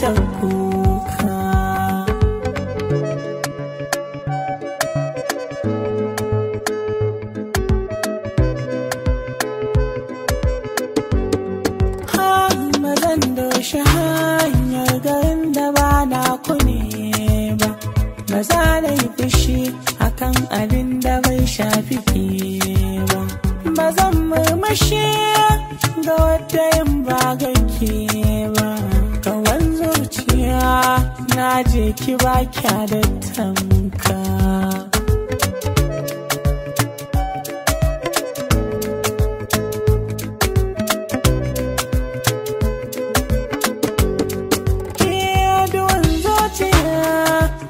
ta kuka mazan doshi hanyar garin da ba na kune ba ba za na yi fushi akan abin da bai shafi ke ba ba zan murmushi ga wadda yin na je ki ba kya da tamka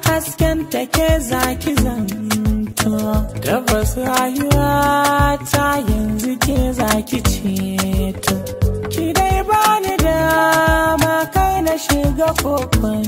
hasken take zaki zanto tabbas rayuwa ta yanzu ke zaki ceto ki dai bani da kai na shiga kokon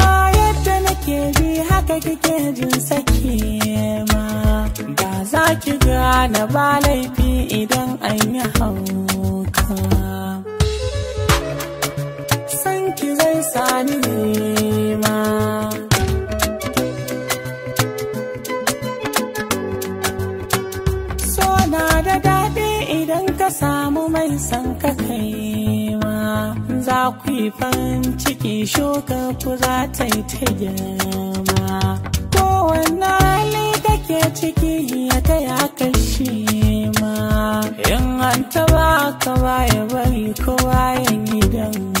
haka kike jin saki ma ba za ki gane ba laifi idan an yi hauka san ki zai sani ne ma so na da daɗi idan ka samu mai san ka kai za ku yi farin ciki shuka ku za ta yi ta girma kowane hali da ke ciki ya ta ya kashi ma in an taba ka baya bari kowa ya gidan